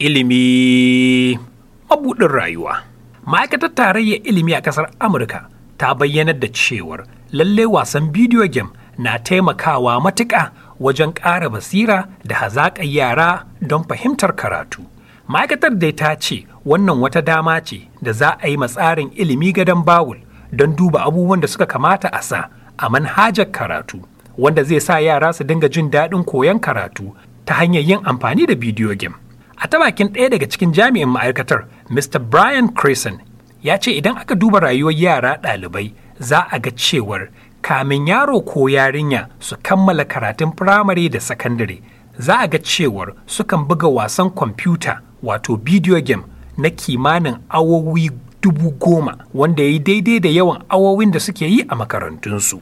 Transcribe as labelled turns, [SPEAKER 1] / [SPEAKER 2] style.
[SPEAKER 1] ilimi
[SPEAKER 2] mabuɗin rayuwa.
[SPEAKER 1] Ma'aikatar tarayyar ilimi a ƙasar Amurka ta bayyana da cewar lalle wasan bidiyo game na taimakawa matuƙa wajen ƙara basira da hazaƙar yara don fahimtar karatu. Ma'aikatar dai ta ce wannan wata dama ce da za a yi matsarin ilimi gadon bawul don duba abubuwan da suka kamata a sa a manhajar karatu wanda zai sa yara su dinga jin daɗin koyon karatu ta hanyar yin amfani da bidiyo game. a ta bakin ɗaya daga cikin jami'in ma'aikatar mr brian Creason ya ce idan aka duba rayuwar yara ɗalibai za a ga cewar kamin yaro ko yarinya su kammala karatun firamare da sakandare za a ga cewar sukan buga wasan kwamfuta wato video game na kimanin awowi dubu goma wanda ya yi daidai da yawan awowin da suke yi a makarantunsu